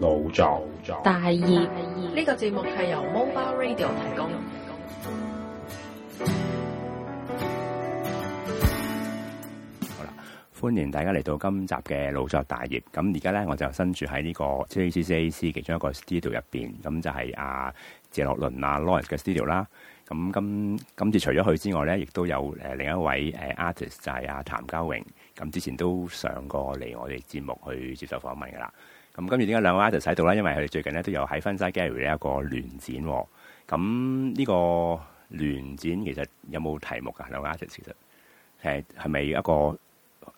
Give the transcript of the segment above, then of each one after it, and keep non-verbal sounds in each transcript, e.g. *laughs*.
腦作大業，大業。呢、這個節目係由 Mobile Radio 提供。好啦，歡迎大家嚟到今集嘅腦作大業。咁而家咧，我就身住喺呢個 JCCAC 其中一個 studio 入邊。咁就係啊，謝諾麟啊 Lawrence 嘅 studio 啦。咁今今次除咗佢之外咧，亦都有誒、呃、另一位誒 artist 就係、是、阿、啊、譚家榮。咁之前都上過嚟我哋節目去接受訪問噶啦。咁今次點解兩位 artist 喺度啦？因為佢哋最近咧都有喺分紗 gallery 一個聯展喎。咁呢個聯展其實有冇題目㗎、啊？兩位 artist 其實係咪一個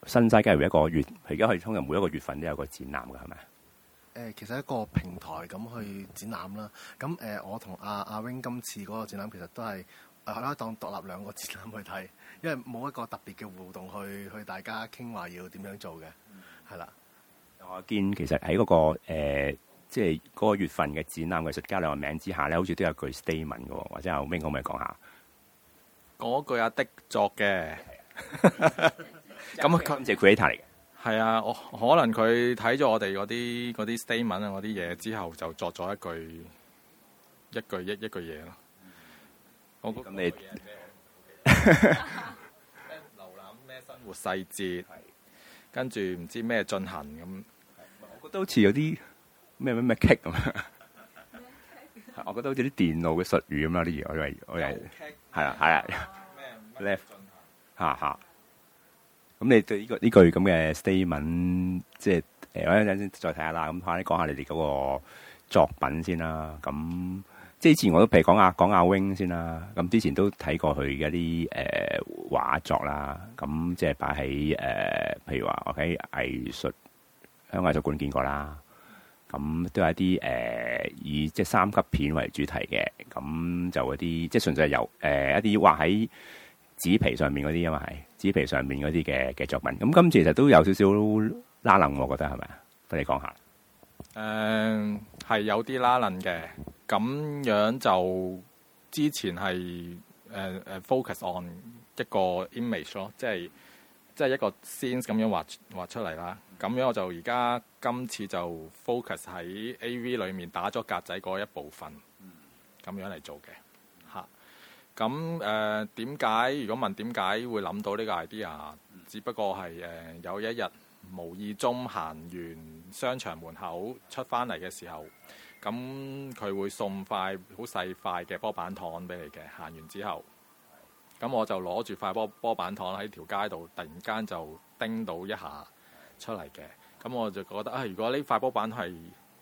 新紗 gallery 一個月？佢而家去通常每一個月份都有個展覽㗎，係咪？其實一個平台咁去展覽啦。咁我同阿阿 Wing 今次嗰個展覽其實都係誒，我可以當獨立兩個展覽去睇，因為冇一個特別嘅互動去去大家傾話要點樣做嘅，係、嗯、啦。我見其實喺嗰、那個誒，即係嗰個月份嘅展覽嘅藝術家兩名之下咧，好似都有句 statement 嘅，或者後尾可唔可以講下？嗰句阿作的， *laughs* 是的， *laughs* 那是的是作嘅，咁啊，感謝 Krita 嚟嘅。係啊，我可能佢睇咗我哋嗰啲啲 statement 啊，嗰啲嘢之後就作咗一句一句一一句嘢咯，、嗯。我咁你瀏 *laughs* *laughs* 覽咩生活細節，跟住唔知咩進行咁。都似有啲咩咩咩劇咁樣，我樣什麼，我覺得好似啲電腦嘅術語咁啦啲嘢，我以為我係係啊係啊。e 咩咩？哈哈！咁你對呢個呢句咁嘅 statement，即係誒，我一陣先再睇下啦。咁快啲講下你哋嗰個作品先啦。咁即係以前我都譬如講下講阿 wing 先啦。咁之前都睇過佢嘅啲誒畫作啦。咁即係擺喺誒，譬如話我喺、okay、藝術。喺藝術館見過啦，咁都係一啲誒、呃、以即係三級片為主題嘅，咁就一啲即係純粹係由誒一啲畫喺紙皮上面嗰啲啊嘛係紙皮上面嗰啲嘅嘅作品。咁今次其實都有少少拉楞，我覺得係咪啊？俾你講下。誒、呃、係有啲拉楞嘅，咁樣就之前係誒誒 focus on 一個 image 咯，即係。即係一個 sense 咁樣畫畫出嚟啦，咁樣我就而家今次就 focus 喺 AV 裏面打咗格仔嗰一部分，咁樣嚟做嘅嚇。咁誒點解？如果問點解會諗到呢個 idea，只不過係誒有一日無意中行完商場門口出翻嚟嘅時候，咁佢會送快塊好細塊嘅波板糖俾你嘅。行完之後。咁我就攞住塊波波板糖喺條街度，突然間就叮到一下出嚟嘅。咁我就覺得啊，如果呢塊波板係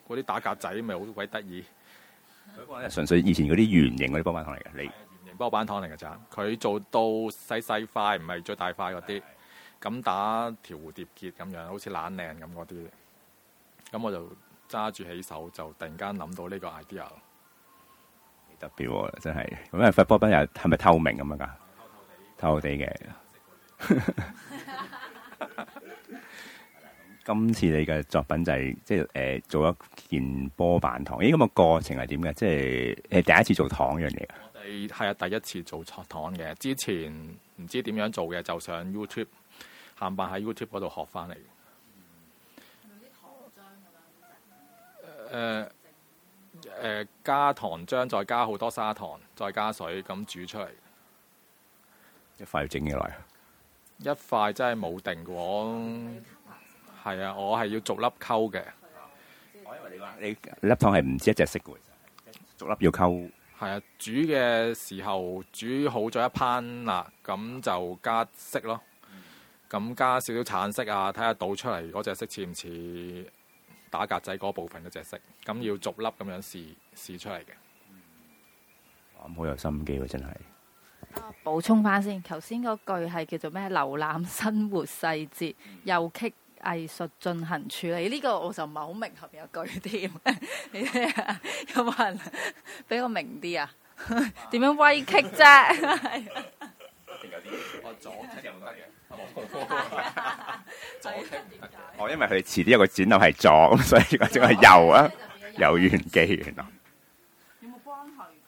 嗰啲打格仔，咪好鬼得意。純、嗯、粹以前嗰啲圓形嗰啲波板糖嚟嘅，你。圓形波板糖嚟嘅咋？佢做到細細塊，唔係最大塊嗰啲。咁打條蝴蝶結咁樣，好似懶靚咁嗰啲。咁我就揸住起手，就突然間諗到呢個 idea。特別喎、哦，真係。咁因為塊波板又係咪透明咁樣㗎？偷我地嘅 *laughs* ， *laughs* *laughs* 今次你嘅作品就係即係做一件波板糖。咦，咁、這個過程係點嘅？即、就、係、是、第一次做糖一樣嘢。係係啊，第一次做糖嘅。之前唔知點樣做嘅，就上 YouTube，冚唪唥喺 YouTube 嗰度學翻嚟。嘅、嗯、啲糖漿㗎啦、呃呃，加糖漿，再加好多砂糖，再加水，咁煮出嚟。一塊要整幾耐啊？一塊真係冇定喎。係啊，我係、哦、要逐粒溝嘅。我以為你話你粒糖係唔止一隻色嘅，就是、逐粒要溝。係啊，煮嘅時候煮好咗一攤啦，咁就加色咯。咁、嗯、加少少橙色啊，睇下倒出嚟嗰隻色似唔似打格仔嗰部分嗰隻色？咁要逐粒咁樣試試出嚟嘅。咁、嗯、好、哦、有心機喎，真係。補、啊、充翻先，頭先嗰句係叫做咩？瀏覽生活細節，右擊藝術進行處理。呢、這個我就唔係好明白後邊有句添，有冇人俾我明啲啊？ *laughs* 怎樣呢啊 *laughs* 點樣歪擊啫？我因為佢遲啲有個展覽係左，所以而家仲係右啊，有緣機緣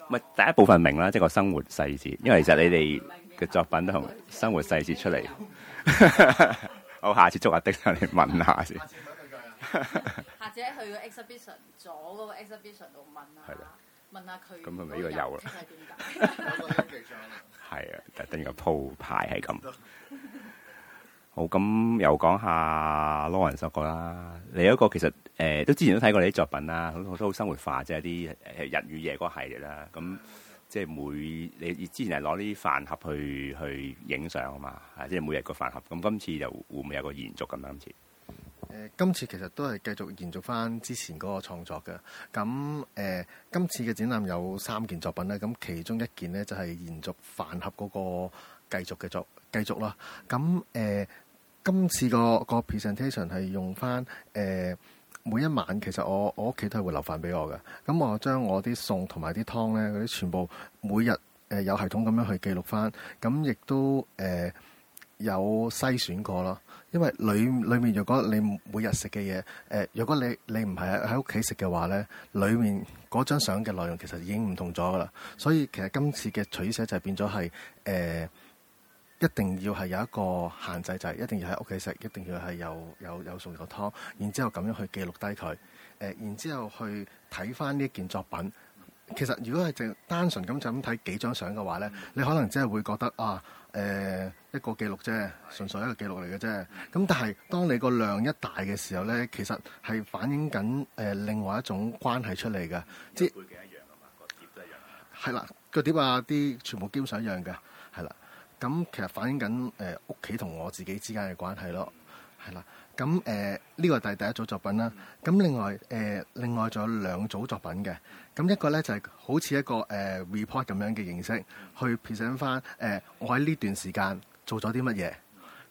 咪第一部分明啦，即係個生活細節。因為其實你哋嘅作品都同生活細節出嚟。我 *noise* 下次捉阿丁生嚟問下先。下次去 *laughs* *laughs* 個 exhibition 左嗰個 exhibition 度問啊，問下佢。咁係咪呢個有啦？係 *laughs* 啊，就 *laughs* 等個鋪牌係咁。好，咁又講下諾麟哥啦。你一個其實誒、欸、都之前都睇過你啲作品啦，好都好生活化，即係啲人日與夜嗰系列啦。咁即係每你之前係攞啲飯盒去去影相啊嘛，即係每日個飯盒。咁今次就會唔會有個延續咁咧？今、呃、次今次其實都係繼續延續翻之前嗰個創作嘅。咁誒、呃，今次嘅展覽有三件作品啦，咁其中一件咧就係、是、延續飯盒嗰個繼續嘅作繼續啦。咁誒。呃今次個 presentation 係用翻、呃、每一晚，其實我我屋企都係會留飯俾我嘅。咁我將我啲餸同埋啲湯咧，嗰啲全部每日、呃、有系統咁樣去記錄翻。咁亦都、呃、有篩選過咯。因為裏面，如果你每日食嘅嘢、呃、如果你你唔係喺屋企食嘅話咧，裏面嗰張相嘅內容其實已經唔同咗噶啦。所以其實今次嘅取捨就變咗係、呃一定要係有一個限制，就係一定要喺屋企食，一定要係有有有餸有湯，然之後咁樣去記錄低佢。誒、呃，然之後去睇翻呢一件作品。其實如果係淨單純咁就咁睇幾張相嘅話咧、嗯，你可能真係會覺得啊，誒、呃、一個記錄啫，純粹一個記錄嚟嘅啫。咁但係當你個量一大嘅時候咧，其實係反映緊誒、呃、另外一種關係出嚟嘅。即、嗯、係背景一樣係嘛？個、嗯、碟都、啊、一樣嘅。係啦，個碟啊啲全部基本上一樣嘅。咁其實反映緊呃、屋企同我自己之間嘅關係咯，係啦。咁誒呢個係第一組作品啦。咁、嗯、另外誒、呃，另外仲有兩組作品嘅。咁一個咧就係、是、好似一個誒、呃、report 咁樣嘅形式，嗯、去 present、呃、翻我喺呢段時間做咗啲乜嘢。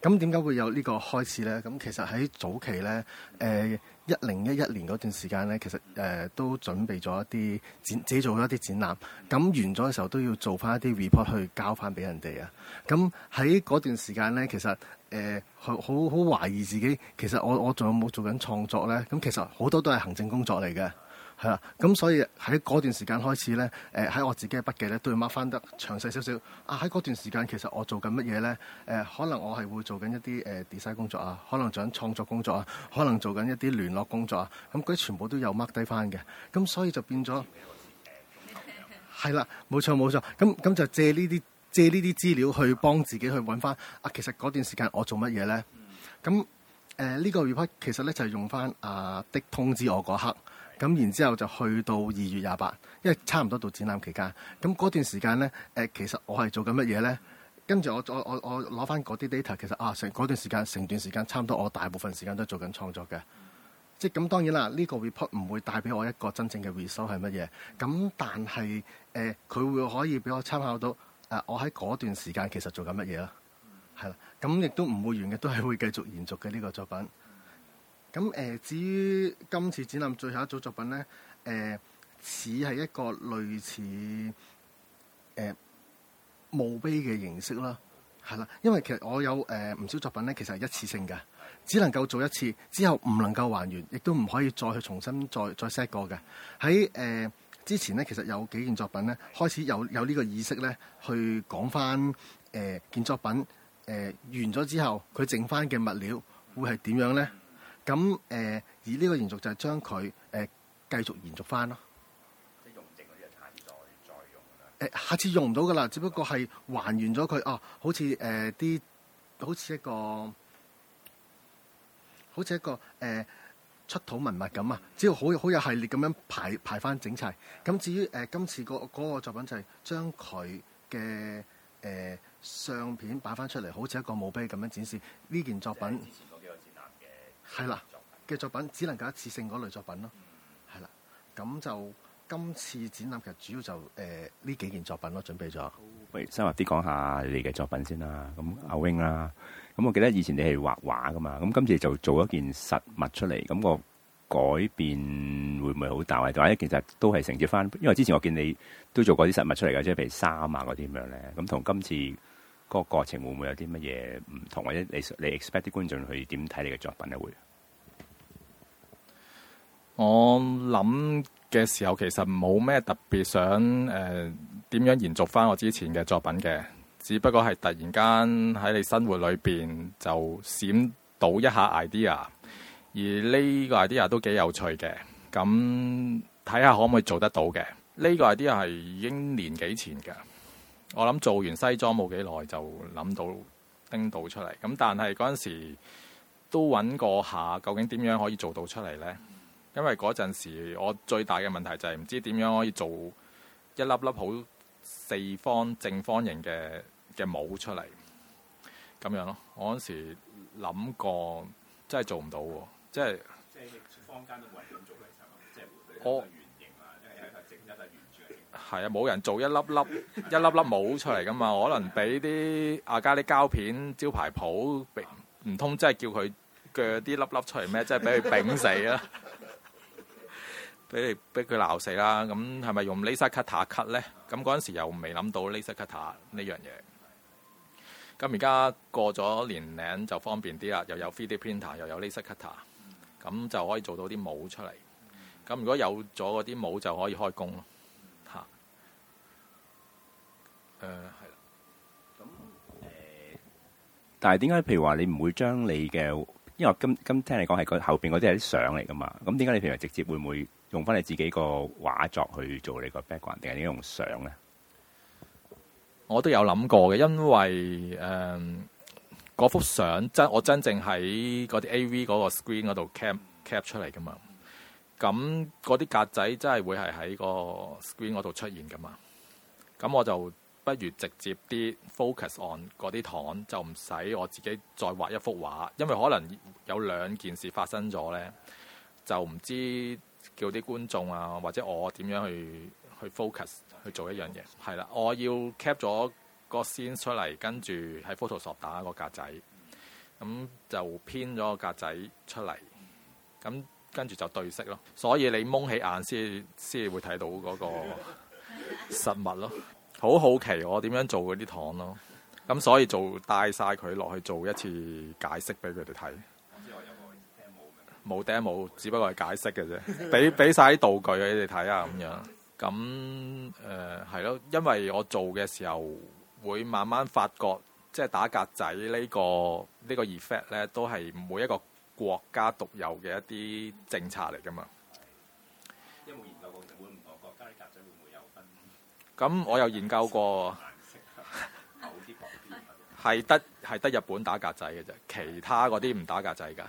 咁點解會有呢個開始咧？咁其實喺早期咧誒、呃二零一一年嗰段時間咧，其實誒、呃、都準備咗一啲展，自己做咗一啲展覽。咁完咗嘅時候都要做翻一啲 report 去交翻俾人哋啊。咁喺嗰段時間咧，其實誒好好好懷疑自己，其實我我仲有冇做緊創作咧？咁其實好多都係行政工作嚟嘅。係啦、啊，咁所以喺嗰段時間開始咧，誒、呃、喺我自己嘅筆記咧都要 mark 翻得詳細少少啊。喺嗰段時間，其實我做緊乜嘢咧？誒、呃，可能我係會做緊一啲誒 design 工作啊，可能做緊創作工作啊，可能做緊一啲聯絡工作啊。咁嗰啲全部都有 mark 低翻嘅。咁所以就變咗係啦，冇錯冇錯。咁咁就借呢啲借呢啲資料去幫自己去揾翻啊。其實嗰段時間我做乜嘢咧？咁誒呢個 report 其實咧就係、是、用翻啊的通知我嗰刻。咁然之後就去到二月廿八，因為差唔多到展覽期間。咁嗰段時間咧，其實我係做緊乜嘢咧？跟住我我我攞翻嗰啲 data，其實啊成嗰段時間成段時間差唔多，我大部分時間都係做緊創作嘅。即係咁當然啦，呢個 report 唔會帶俾我一個真正嘅 result 係乜嘢。咁但係佢、呃、會可以俾我參考到、啊、我喺嗰段時間其實做緊乜嘢咯？係啦，咁亦都唔會完嘅，都係會繼續延續嘅呢個作品。咁誒、呃，至於今次展覽最後一組作品咧，誒、呃、似係一個類似誒、呃、墓碑嘅形式啦，係啦，因為其實我有誒唔、呃、少作品咧，其實係一次性嘅，只能夠做一次，之後唔能夠還原，亦都唔可以再去重新再再 set 過嘅。喺誒、呃、之前咧，其實有幾件作品咧，開始有有呢個意識咧，去講翻誒件作品誒、呃、完咗之後，佢剩翻嘅物料會係點樣咧？咁誒以呢個延續就係將佢誒、呃、繼續延續翻咯、嗯。誒下次用唔到噶啦，只不過係還原咗佢哦，好似誒啲好似一個好似一個誒出土文物咁啊，只要好好有系列咁樣排排翻整齊。咁至於誒、呃、今次嗰、嗰個嗰個作品就係將佢嘅誒相片擺翻出嚟，好似一個墓碑咁樣展示呢件作品。係啦，嘅作品只能夠一次性嗰類作品咯，係啦。咁就今次展覽嘅主要就誒、是、呢、呃、幾件作品咯，準備咗。喂，深入啲講下你嘅作品先啦。咁、嗯、阿 Wing 啦、啊，咁我記得以前你係畫畫噶嘛，咁今次就做一件實物出嚟，咁個改變會唔會好大？或者其實都係承接翻，因為之前我見你都做過啲實物出嚟嘅，即係譬如衫啊嗰啲咁樣咧。咁同今次。個過程會唔會有啲乜嘢唔同，或者你你 expect 啲觀眾去點睇你嘅作品咧？會，我諗嘅時候其實冇咩特別想誒，呃，點樣延續翻我之前嘅作品嘅，只不過係突然間喺你生活裏邊就閃到一下 idea，而呢個 idea 都幾有趣嘅，咁睇下可唔可以做得到嘅？呢個 idea 係已經年幾前嘅。我諗做完西裝冇幾耐就諗到叮到出嚟，咁但係嗰陣時都搵過下究竟點樣可以做到出嚟咧？因為嗰陣時我最大嘅問題就係、是、唔知點樣可以做一粒粒好四方正方形嘅嘅帽出嚟，咁樣咯。我嗰時諗過真係做唔到，即係。即係坊間都冇人咁做，即係圓形，即係係啊，冇人做一粒粒一粒粒帽出嚟噶嘛。可能俾啲亞加力膠片招牌鋪，並唔通真係叫佢鋸啲粒粒出嚟咩？真係俾佢丙死啊，俾佢俾佢鬧死啦。咁係咪用 laser cutter cut 咧？咁嗰陣時候又未諗到 laser cutter 呢樣嘢。咁而家過咗年齡就方便啲啦，又有 3D printer，又有 laser cutter，咁就可以做到啲帽出嚟。咁如果有咗嗰啲帽，就可以開工咯。誒、嗯，係啦，咁誒、欸，但係點解？譬如話你唔會將你嘅，因為我今今聽你講係佢後邊嗰啲係啲相嚟噶嘛？咁點解你平時直接會唔會用翻你自己個畫作去做你個 background，定係你用相咧？我都有諗過嘅，因為誒嗰、呃、幅相真我真正喺嗰啲 A.V. 嗰個 screen 嗰度 cap cap 出嚟噶嘛？咁嗰啲格仔真係會係喺個 screen 嗰度出現噶嘛？咁我就。不如直接啲 focus on 嗰啲糖，就唔使我自己再畫一幅畫，因為可能有兩件事發生咗咧，就唔知叫啲觀眾啊或者我點樣去去 focus 去做一樣嘢。係啦，我要 cap 咗個 scene 出嚟，跟住喺 Photoshop 打一個格仔，咁就編咗個格仔出嚟，咁跟住就對色咯。所以你蒙起眼先先會睇到嗰個實物咯。好好奇我點樣做嗰啲糖咯，咁所以就帶晒佢落去做一次解釋俾佢哋睇。有冇聽舞嘅？冇，只不過係解釋嘅啫，俾俾晒啲道具俾你哋睇啊，咁樣。咁誒係咯，因為我做嘅時候會慢慢發覺，即係打格仔呢個呢個 effect 咧，都係每一個國家獨有嘅一啲政策嚟㗎嘛。咁我又研究過，係得係得日本打格仔嘅啫，其他嗰啲唔打格仔噶。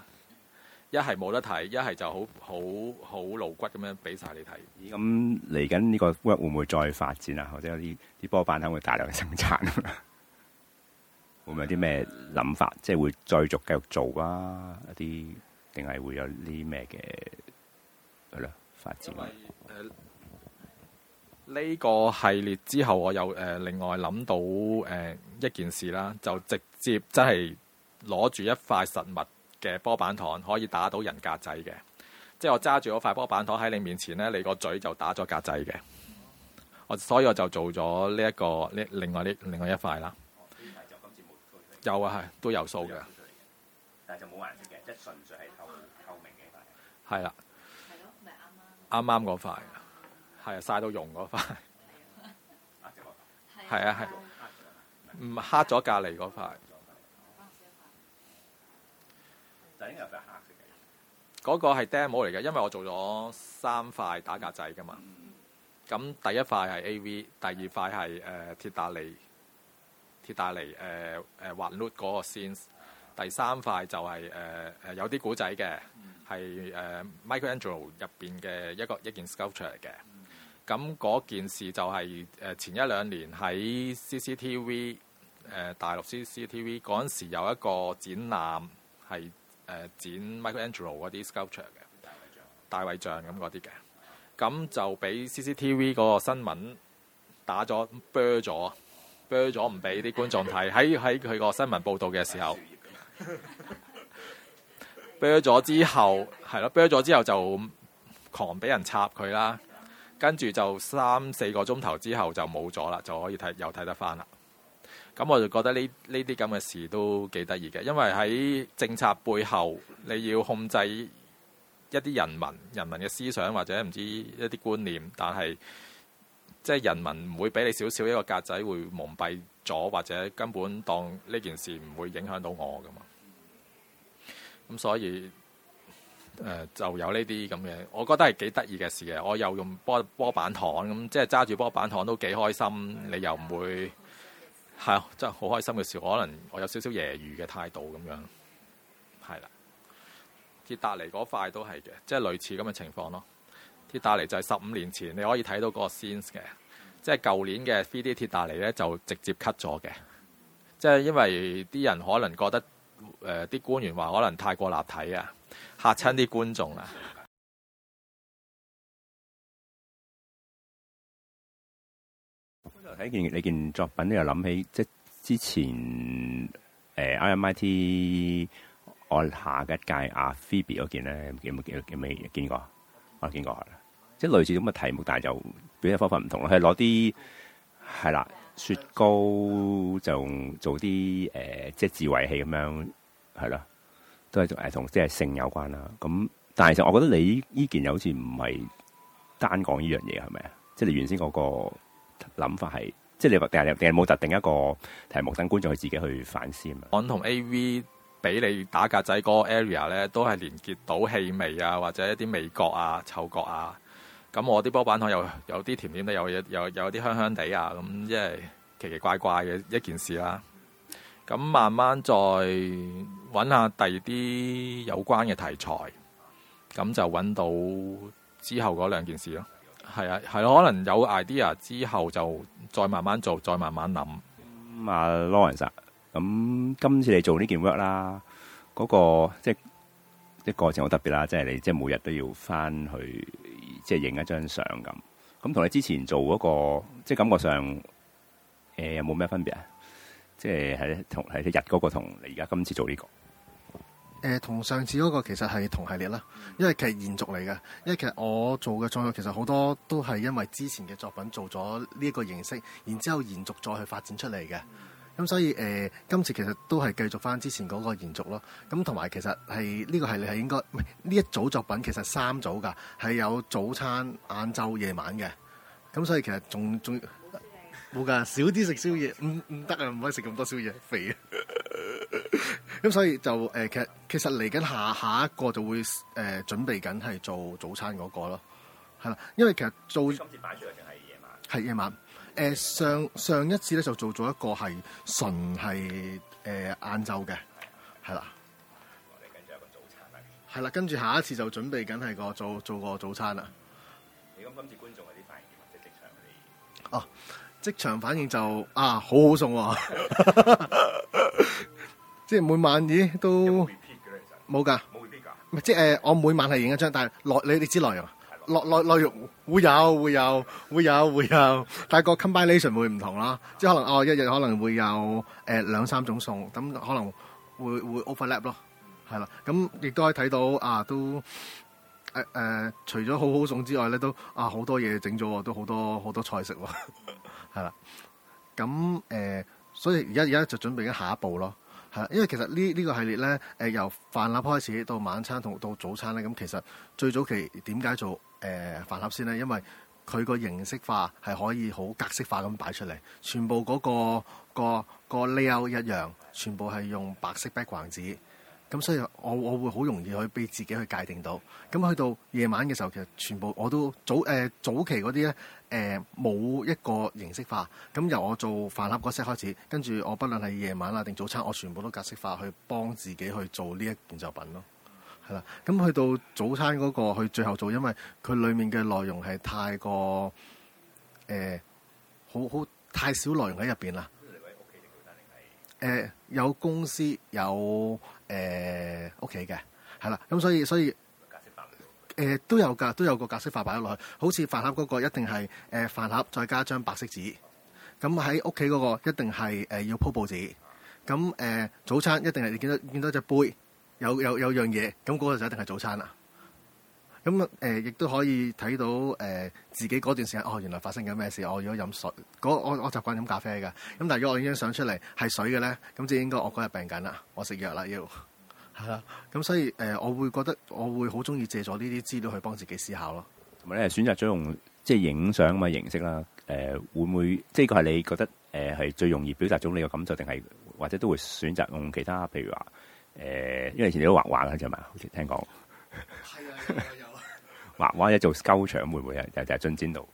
一係冇得睇，一係就好好好露骨咁樣俾晒你睇。咁嚟緊呢個 work 會唔會再發展啊？或者有啲啲波板會會大量生產，啊？會唔會有啲咩諗法？呃、即係會再續繼續做啊？一啲定係會有啲咩嘅係啦發展呀，啊？呢、這個系列之後，我又誒、呃、另外諗到誒、呃、一件事啦，就直接真係攞住一塊實物嘅波板糖，可以打到人格仔嘅，即係我揸住嗰塊波板糖喺你面前咧，你個嘴就打咗格仔嘅。我所以我就做咗呢一個，呢另外呢另外一塊啦。有啊，係都有數嘅。但就冇顏色嘅，即純粹係透明嘅。係啦，係囉，咪啱啱嗰塊。是係啊，曬到融嗰塊係啊，係 *laughs* 唔黑咗隔離嗰塊嗰、嗰個係 demo 嚟嘅，因為我做咗三塊打格仔噶嘛。咁、嗯、第一塊係 A.V，第二塊係誒、呃、鐵達尼鐵達尼誒誒滑 lut 嗰個線，第三塊就係誒誒有啲古仔嘅係誒 Michelangelo 入邊嘅一個一件 sculpture 嚟嘅。嗯咁嗰件事就係誒前一兩年喺 CCTV 誒大陸 CCTV 嗰陣時有一個展覽係誒、呃、展 Michelangelo 嗰啲 sculpture 嘅大衛像大衛像咁嗰啲嘅，咁就俾 CCTV 嗰個新聞打咗 bo 咗 bo 咗唔俾啲觀眾睇喺喺佢個新聞報導嘅時候 bo 咗之後係咯 bo 咗之後就狂俾人插佢啦。跟住就三四個鐘頭之後就冇咗啦，就可以睇又睇得翻啦。咁我就覺得呢呢啲咁嘅事都幾得意嘅，因為喺政策背後你要控制一啲人民，人民嘅思想或者唔知一啲觀念，但係即係人民唔會俾你少少一個格仔會蒙蔽咗，或者根本當呢件事唔會影響到我㗎嘛。咁所以。誒、呃、就有呢啲咁嘅，我覺得係幾得意嘅事嘅。我又用波波板糖咁、嗯，即係揸住波板糖都幾開心。嗯、你又唔會係、嗯、真係好開心嘅事。可能我有少少揶揄嘅態度咁樣係啦。鐵達尼嗰塊都係嘅，即係類似咁嘅情況咯。鐵達尼就係十五年前你可以睇到嗰個 scenes 嘅，即係舊年嘅 three D 鐵達尼咧就直接 cut 咗嘅，即係因為啲人可能覺得誒啲、呃、官員話可能太過立體啊。嚇親啲觀眾啊！睇見你件作品你又諗起即係之前誒、呃、RMIT 我下嘅一屆阿 Phoebe 嗰件咧，有冇見？有、啊、冇見過？我見過，即係類似咁嘅題目，但係就表現方法唔同咯。攞啲係啦，雪糕就做啲誒、呃，即係自慰器咁樣，係啦。都係誒同即係性有關啦。咁但係其實我覺得你依件又好似唔係單講呢樣嘢係咪啊？即係你原先嗰個諗法係，即係你話定係定係冇特定一個題目，等觀眾去自己去反思啊。我同 A.V. 俾你打格仔嗰 area 咧，都係連結到氣味啊，或者一啲味覺啊、嗅覺啊。咁我啲波板糖又有啲甜點都有有有啲香香地啊。咁即係奇奇怪怪嘅一件事啦、啊。咁慢慢再揾下第二啲有關嘅題材，咁就揾到之後嗰兩件事咯。係啊，係咯、啊，可能有 idea 之後就再慢慢做，再慢慢諗。咁、嗯、啊，Lawrence，咁今次你做呢件 work 啦、那個，嗰個即係即係過程好特別啦，即、就、係、是、你即係每日都要翻去即係影一張相咁。咁同你之前做嗰、那個即係、就是、感覺上，誒有冇咩分別啊？即係喺同係啲日嗰個同你而家今次做呢個？誒、呃，同上次嗰個其實係同系列啦，因為其實係延續嚟嘅。因為其實我做嘅創作其實好多都係因為之前嘅作品做咗呢一個形式，然之後延續再去發展出嚟嘅。咁所以誒、呃，今次其實都係繼續翻之前嗰個延續咯。咁同埋其實係呢個係你係應該，唔係呢一組作品其實係三組㗎，係有早餐、晏晝、夜晚嘅。咁所以其實仲仲。噶，少啲食宵夜，唔唔得啊！唔可以食咁多宵夜，肥啊！咁 *laughs* 所以就誒，其實其實嚟緊下下，下一個就會誒準備緊係做早餐嗰個咯，係啦，因為其實做今次擺出嚟定係夜晚？係夜晚。誒上上一次咧就做咗一個係純係誒晏晝嘅，係啦。我哋跟住有個早餐啦。係啦，跟住下一次就準備緊係個做做個早餐啦。你今今次觀眾嗰啲反應，或者即場嗰啲。哦。即場反應就啊好好餸、啊 *laughs* *laughs* 即啊，即係每晚咦都冇㗎，唔係即係我每晚係影一張，但係內你你知內容,內,內容，內內內容會有會有會有會有，但係個 combination 會唔同啦，即係可能哦，一日可能會有誒、呃、兩三種餸，咁可能會會 overlap 咯，係啦，咁亦都可以睇到啊都誒誒、呃呃，除咗好好餸之外咧，都啊好多嘢整咗，都好多好多菜式。係啦，咁誒、呃，所以而家而家就準備緊下一步咯，係啦，因為其實呢呢、呢個系列咧，誒、呃、由飯盒開始到晚餐同到，到早餐咧，咁其實最早期點解做誒飯、呃、盒先咧？因為佢個形式化係可以好格式化咁擺出嚟，全部嗰、個、個 layout 一樣，全部係用白色 background 紙。咁所以，我我會好容易去俾自己去界定到。咁去到夜晚嘅時候，其實全部我都早、呃、早期嗰啲咧誒冇一個形式化。咁由我做飯盒嗰 set 開始，跟住我不論係夜晚啊定早餐，我全部都格式化去幫自己去做呢一件作品咯。係啦，咁去到早餐嗰、嗰個去最後做，因為佢裏面嘅內容係太過誒、呃、好好太少內容喺入邊啦、呃。有公司有。誒屋企嘅係啦，咁所以所以誒、呃、都有㗎，都有個格式化擺咗落去。好似飯盒嗰個一定係誒、呃、飯盒，再加一張白色紙。咁喺屋企嗰個一定係、呃、要鋪報紙。咁誒、呃、早餐一定係你見到見到隻杯，有有有樣嘢，咁嗰個就一定係早餐啦。咁亦都可以睇到、呃、自己嗰段時間哦，原來發生緊咩事。我如果飲水嗰，我我，我習慣飲咖啡㗎。咁但係如果我影相出嚟係水嘅咧，咁就應該我嗰日病緊啦，我食藥啦，要係啦。咁、嗯、所以、呃、我會覺得我會好中意借咗呢啲資料去幫自己思考咯。同埋你係，選擇咗用即係影相嘅形式啦、呃。會唔會？即係個係你覺得係、呃、最容易表達到你嘅感受，定係或者都會選擇用其他，譬如話、呃、因為以前你都畫畫㗎，係 *laughs* 咪？好似聽講啊。 *laughs* 畫、啊、畫一做 s c 構長會唔會係就又進展到？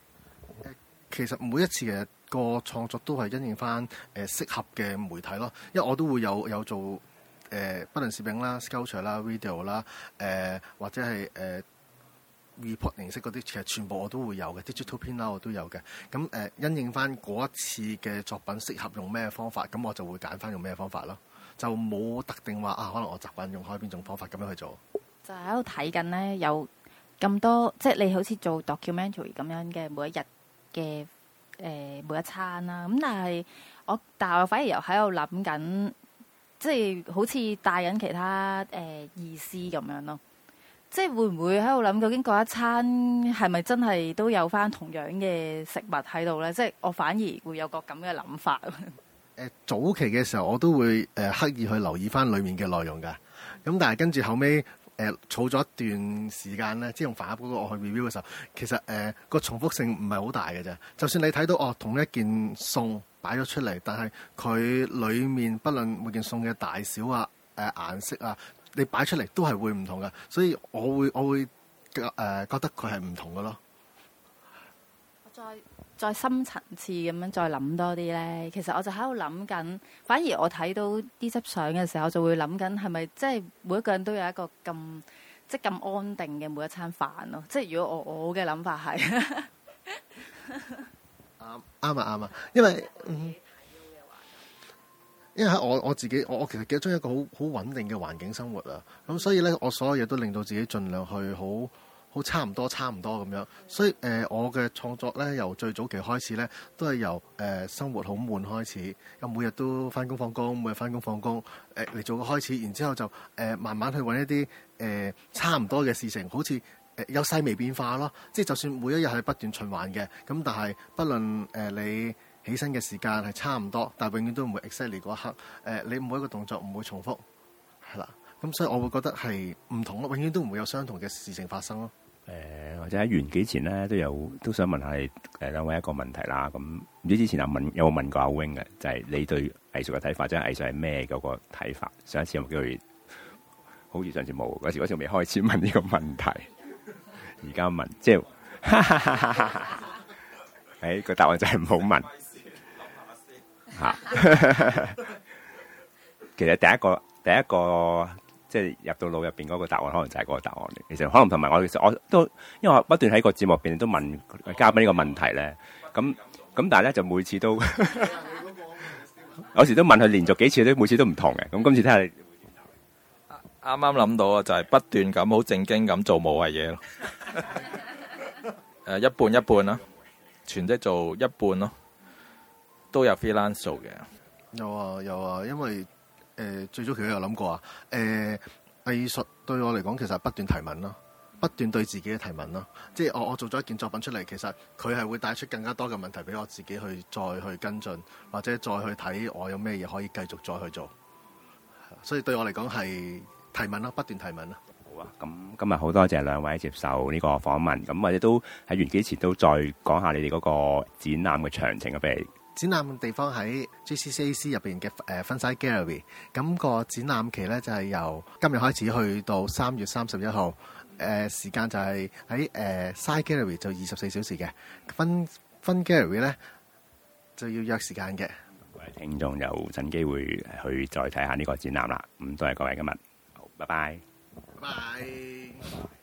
其實每一次嘅個創作都係因應翻誒、呃、適合嘅媒體咯，因為我都會有有做誒不論視影啦、s c 構長啦、video 啦誒，或者係誒、呃、report 形式嗰啲，其實全部我都會有嘅 digital p i a n 啦，我都有嘅。咁、嗯、誒、呃，因應翻嗰一次嘅作品適合用咩方法，咁我就會揀翻用咩方法咯，就冇特定話啊，可能我習慣用開邊種方法咁樣去做，就喺度睇緊咧有。咁多即係你好似做 documentary 咁樣嘅每一日嘅誒每一餐啦，咁但係我但係我反而又喺度諗緊，即係好似帶緊其他誒、呃、意思咁樣咯。即係會唔會喺度諗究竟嗰一餐係咪真係都有翻同樣嘅食物喺度咧？即係我反而會有個咁嘅諗法、呃。誒早期嘅時候我都會誒、呃、刻意去留意翻裡面嘅內容㗎，咁但係跟住後尾。誒儲咗一段時間咧，即用飯盒嗰個我去 review 嘅時候，其實誒、呃、那個重複性唔係好大嘅啫。就算你睇到哦同一件餸擺咗出嚟，但係佢裡面不論每件餸嘅大小啊、誒、呃、顏色啊，你擺出嚟都係會唔同嘅，所以我會我會誒、呃、覺得佢係唔同嘅咯。我再再深層次咁樣再諗多啲呢？其實我就喺度諗緊，反而我睇到啲執相嘅時候，我就會諗緊係咪即係每一個人都有一個咁即咁安定嘅每一餐飯咯。即係如果我我嘅諗法係啱啱啊啱啊，啊，啊，因為，嗯，因為喺我我自己，我我其實記得中一個好好穩定嘅環境生活啊。咁所以呢，我所有嘢都令到自己盡量去好。好差唔多，差唔多咁樣。所以誒、呃，我嘅創作咧，由最早期開始咧，都係由誒、呃、生活好悶開始。咁每日都翻工放工，每日翻工放工嚟做個開始。然之後就、呃、慢慢去搵一啲誒、呃、差唔多嘅事情，好似、呃、有細微變化咯。即係就算每一日係不斷循環嘅，咁但係，不論誒、呃、你起身嘅時間係差唔多，但係永遠都唔會 exactly 嗰一刻。誒、呃、你每一個動作唔會重複，係啦。咁所以我會覺得係唔同咯，永遠都唔會有相同嘅事情發生咯。誒，或者喺完幾前咧，都有，都想問一下你誒、呃、兩位一個問題啦，咁唔、嗯、知之前阿、啊、文有冇問過阿、啊、Wing 嘅就係、是、你對藝術嘅睇法，即係藝術係咩嗰個睇法，上一次有冇叫佢，好似上次冇，嗰時我仲未開始問呢個問題，而家問，即係誒個答案就係唔好問吓 *laughs* 其實第一個第一個。即係入到腦入邊嗰個答案，可能就係嗰個答案嚟。其實可能同埋我其實我都，因為我不斷喺個節目入邊都問嘉賓呢個問題咧。咁咁但係咧就每次都，有時都問佢連續幾次都每次都唔同嘅。咁今次睇下，啱啱諗到啊，就係不斷咁好正經咁做無謂嘢咯。誒一半一半啦，全職做一半咯，都有 freelance 做嘅。有啊有啊，因為。誒、呃，最早期都有諗過啊！誒、呃，藝術對我嚟講，其實不斷提問咯，不斷對自己嘅提問咯。即係我我做咗一件作品出嚟，其實佢係會帶出更加多嘅問題俾我自己去再去跟進，或者再去睇我有咩嘢可以繼續再去做。所以對我嚟講係提問咯，不斷提問咯。好啊，咁今日好多謝兩位接受呢個訪問。咁或者都喺完結前都再講下你哋嗰個展覽嘅詳情啊，俾。展覽嘅地方喺 g c c c 入邊嘅誒分 size gallery，咁個展覽期咧就係由今日開始去到三月三十一號，誒時間就係喺 size gallery 就二十四小時嘅，分分 gallery 咧就要約時間嘅。各位聽眾又趁機會去再睇下呢個展覽啦。咁多謝各位今日，好，拜拜，拜拜。